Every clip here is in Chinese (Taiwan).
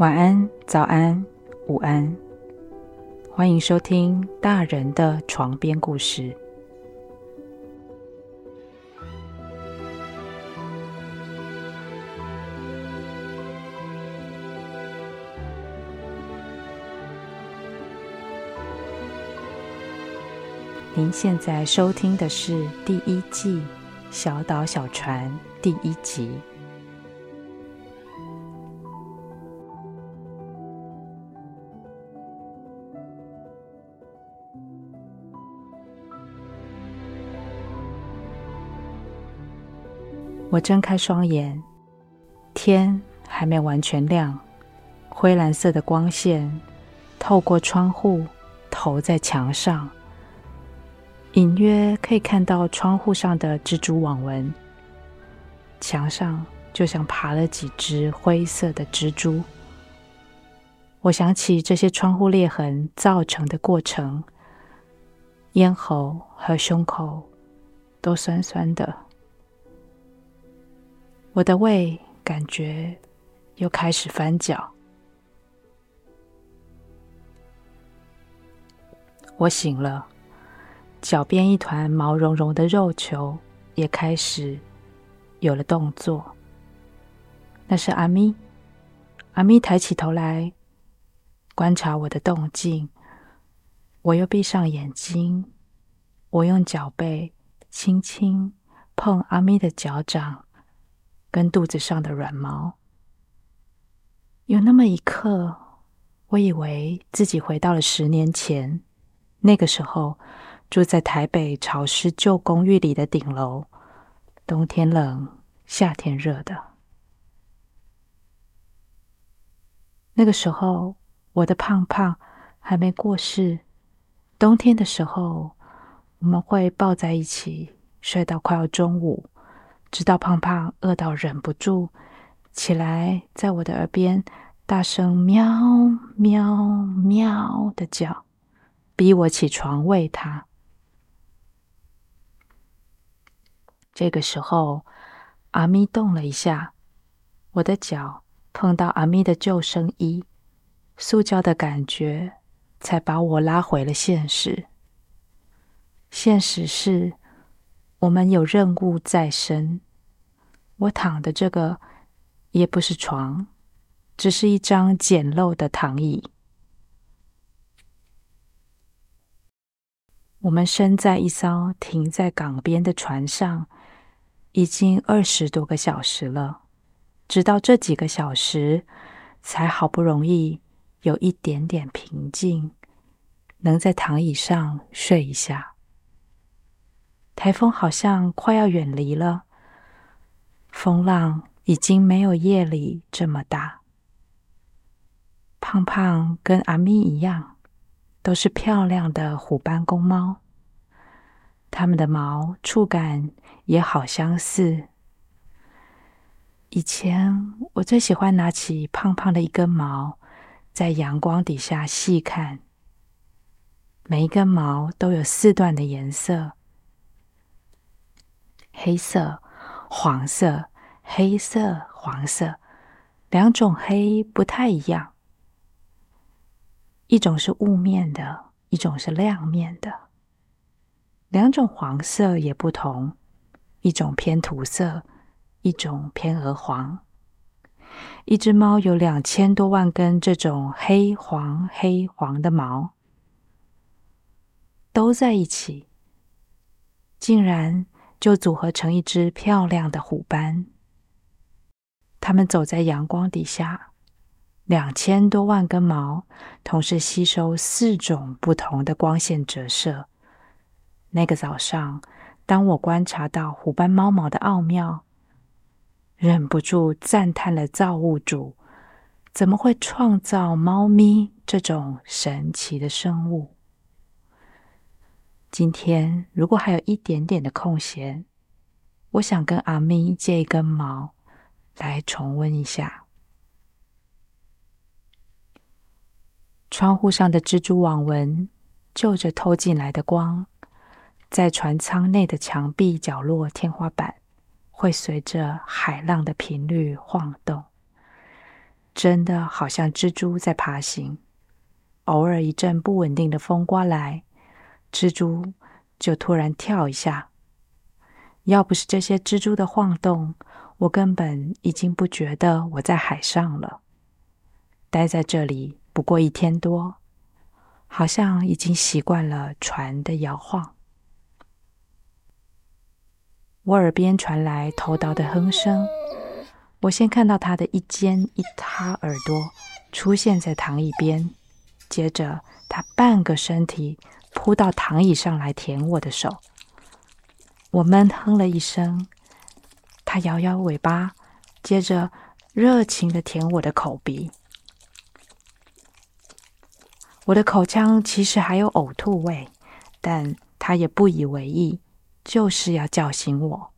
晚安，早安，午安，歡迎收聽《大人的床邊故事》。您現在收聽的是第一季《小島小船》第一集。我睜開雙眼，天還沒完全亮，灰藍色的光線透過窗戶投在牆上，隱約可以看到窗戶上的蜘蛛網紋，牆上就像爬了幾隻灰色的蜘蛛。我想起這些窗戶裂痕造成的過程，咽喉和胸口都酸酸的。我的胃感覺又開始翻攪。我醒了，腳邊一團毛茸茸的肉球也開始有了動作。那是阿咪。阿咪抬起頭來觀察我的動靜。我又閉上眼睛，我用腳背輕輕碰阿咪的腳掌。跟肚子上的軟毛，有那麼一刻，我以為自己回到了十年前。那個時候，住在台北潮濕舊公寓裡的頂樓，冬天冷，夏天熱的。那個時候，我的胖胖還沒過世。冬天的時候，我們會抱在一起睡到快要中午。直到胖胖餓到忍不住起來，在我的耳邊大聲喵喵喵的叫，逼我起床餵它。這個時候，阿咪動了一下，我的腳碰到阿咪的救生衣，塑膠的感覺才把我拉回了現實。現實是。我們有任務在身，我躺的這個也不是床，只是一張簡陋的躺椅。我們身在一艘停在港邊的船上，已經二十多個小時了，直到這幾個小時，才好不容易有一點點平靜，能在躺椅上睡一下。颱風好像快要遠離了，風浪已經沒有夜裡這麼大。胖胖跟阿咪一樣，都是漂亮的虎斑公貓，它們的毛觸感也好相似。以前我最喜歡拿起胖胖的一根毛，在陽光底下細看，每一根毛都有四段的顏色。黑色、黃色、黑色、黃色，兩種黑不太一樣，一種是霧面的，一種是亮面的。兩種黃色也不同，一種偏土色，一種偏鵝黃。一隻貓有兩千多萬根這種黑黃黑黃的毛，都在一起，竟然。就組合成一隻漂亮的虎斑。它們走在陽光底下，兩千多萬根毛同時吸收四種不同的光線折射。那個早上，當我觀察到虎斑貓毛的奧妙，忍不住讚嘆了造物主，怎麼會創造貓咪這種神奇的生物？今天如果還有一點點的空閒，我想跟阿咪借一根毛來重溫一下。窗戶上的蜘蛛網紋，就着透進來的光，在船艙內的牆壁、角落、天花板，會隨着海浪的頻率晃動，真的好像蜘蛛在爬行。偶爾一陣不穩定的風颳來。蜘蛛就突然跳一下。要不是這些蜘蛛的晃動，我根本已經不覺得我在海上了。待在這裡不過一天多，好像已經習慣了船的搖晃。我耳邊傳來頭島的哼聲。我先看到他的一尖一塌耳朵出現在躺椅邊，接着他半個身體。撲到躺椅上來舔我的手，我悶哼了一聲，它搖搖尾巴，接着熱情地舔我的口鼻。我的口腔其實還有嘔吐味，但它也不以為意，就是要叫醒我。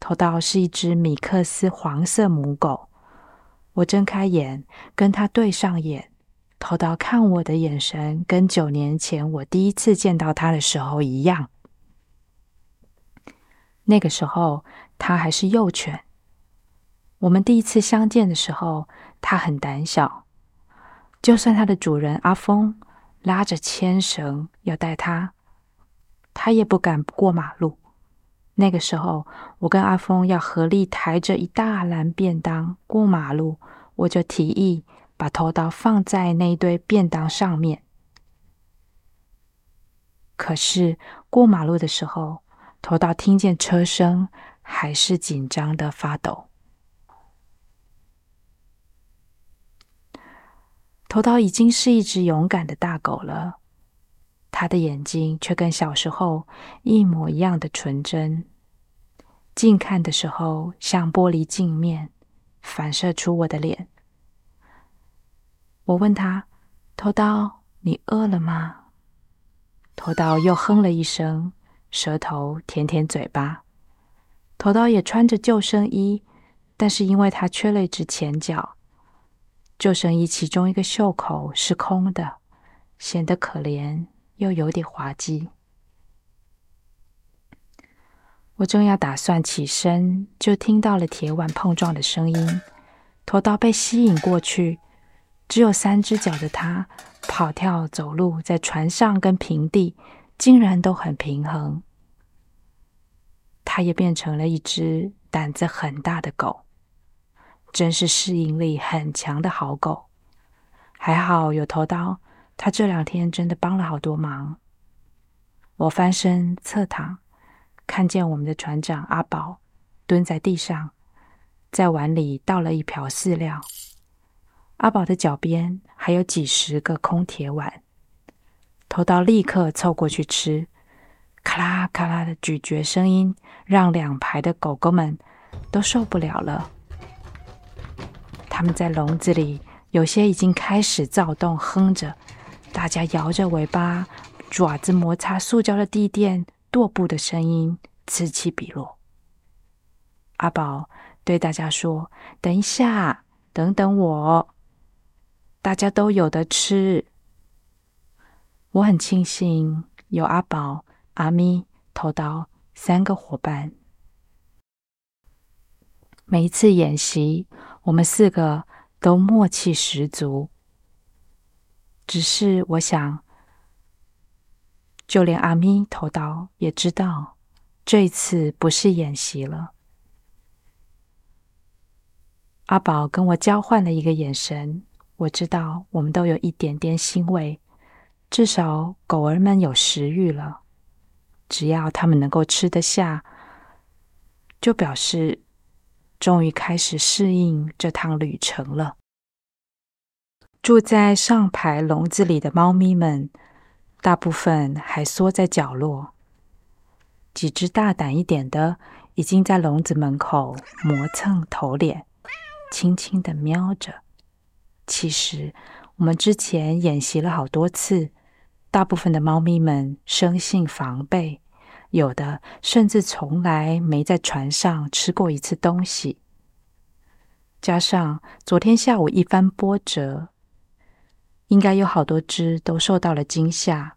偷盜是一隻米克斯黃色母狗，我睜開眼，跟它對上眼。偷到看我的眼神，跟九年前我第一次見到他的時候一樣。那個時候，他還是幼犬。我們第一次相見的時候，他很膽小。就算他的主人阿峰拉着牽繩要帶他，他也不敢過馬路。那個時候，我跟阿峰要合力抬着一大籃便當過馬路，我就提議。把頭刀放在那一堆便當上面。可是過馬路的時候，頭刀聽見車聲，還是緊張的發抖。頭刀已經是一隻勇敢的大狗了，它的眼睛卻跟小時候一模一樣的純真。近看的時候，像玻璃鏡面，反射出我的臉。我問他：“頭刀，你餓了嗎？”頭刀又哼了一聲，舌頭舔舔嘴巴。頭刀也穿着救生衣，但是因為他缺了一隻前腳，救生衣其中一個袖口是空的，顯得可憐又有點滑稽。我正要打算起身，就聽到了鐵碗碰撞的聲音。頭刀被吸引過去。只有三只腳的他，跑跳走路，在船上跟平地竟然都很平衡。他也變成了一只膽子很大的狗，真是適應力很強的好狗。還好有頭刀，他這兩天真的幫了好多忙。我翻身側躺，看見我們的船長阿寶蹲在地上，在碗裡倒了一瓢飼料。阿寶的腳邊還有幾十個空鐵碗，偷刀立刻湊過去吃，咔啦咔啦的咀嚼聲音讓兩排的狗狗們都受不了了。他們在籠子裡，有些已經開始躁動，哼着，大家搖着尾巴，爪子摩擦塑膠的地墊，踱步的聲音此起彼落。阿寶對大家說：“等一下，等等我。”大家都有得吃，我很慶幸有阿寶、阿咪、頭島三個伙伴。每一次演習，我們四個都默契十足。只是我想，就連阿咪頭島也知道，這一次不是演習了。阿寶跟我交換了一個眼神。我知道我們都有一點點欣慰，至少狗兒們有食慾了。只要它們能夠吃得下，就表示終於開始適應這趟旅程了。住在上排籠子裡的貓咪們，大部分還縮在角落，幾隻大膽一點的已經在籠子門口磨蹭頭臉，輕輕地喵着。其實我們之前演習了好多次，大部分的貓咪們生性防備，有的甚至從來沒在船上吃過一次東西。加上昨天下午一番波折，應該有好多只都受到了驚嚇。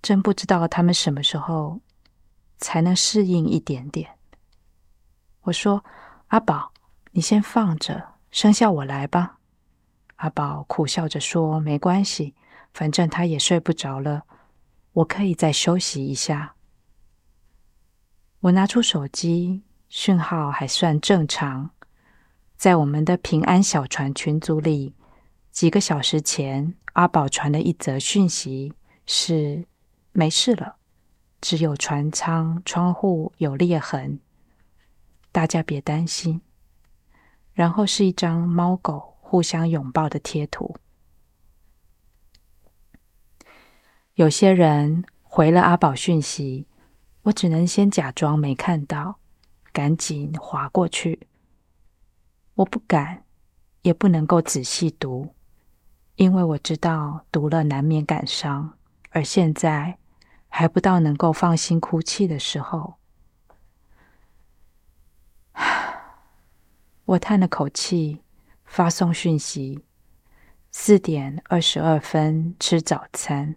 真不知道它們什麼時候才能適應一點點。我說：“阿寶，你先放着，剩下我來吧。”阿寶苦笑着說：“沒關係，反正他也睡不着了，我可以再休息一下。”我拿出手機，訊號還算正常。在我們的平安小船群組裡，幾個小時前，阿寶傳了一則訊息是：“是沒事了，只有船艙窗戶有裂痕，大家別擔心。”然後是一張貓狗互相擁抱的貼圖，有些人回了阿寶訊息，我只能先假裝沒看到，趕緊滑過去。我不敢，也不能夠仔細讀，因為我知道讀了難免感傷，而現在還不到能夠放心哭泣的時候。我嘆了口氣。發送訊息，四點二十二分吃早餐，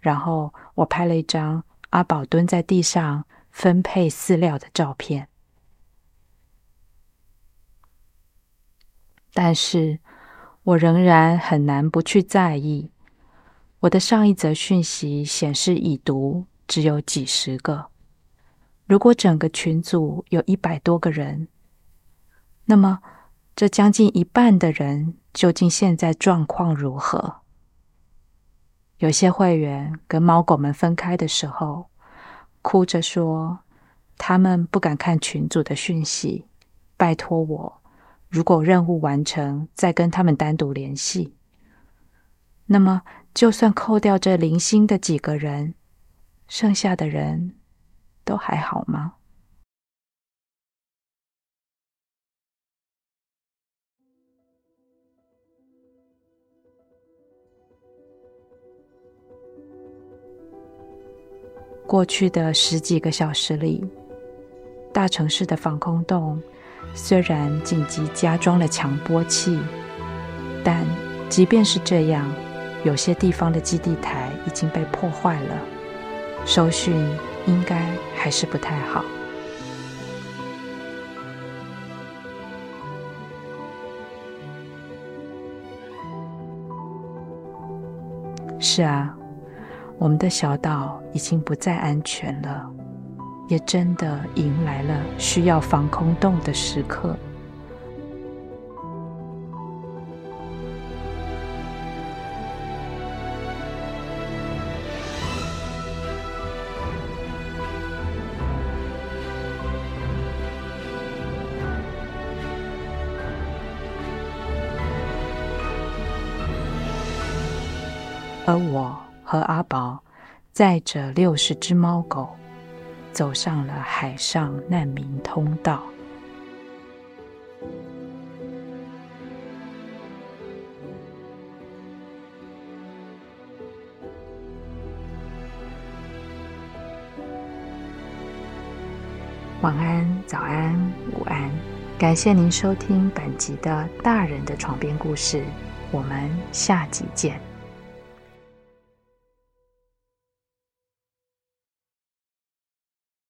然後我拍了一張阿寶蹲在地上分配飼料的照片。但是，我仍然很難不去在意。我的上一則訊息顯示已讀只有幾十個，如果整個群組有一百多個人，那麼。這將近一半的人究竟現在狀況如何？有些會員跟貓狗們分開的時候，哭着說他們不敢看群組的訊息，拜托我，如果任務完成再跟他們單獨聯繫。那麼，就算扣掉這零星的幾個人，剩下的人都還好嗎？過去的十幾個小時裡，大城市的防空洞雖然緊急加裝了強波器，但即便是這樣，有些地方的基地台已經被破壞了，收訊應該還是不太好。是啊。我們的小島已經不再安全了，也真的迎來了需要防空洞的時刻，而我。和阿寶載着六十隻貓狗，走上了海上難民通道。晚安，早安，午安，感謝您收聽本集的大人的床邊故事，我們下集見。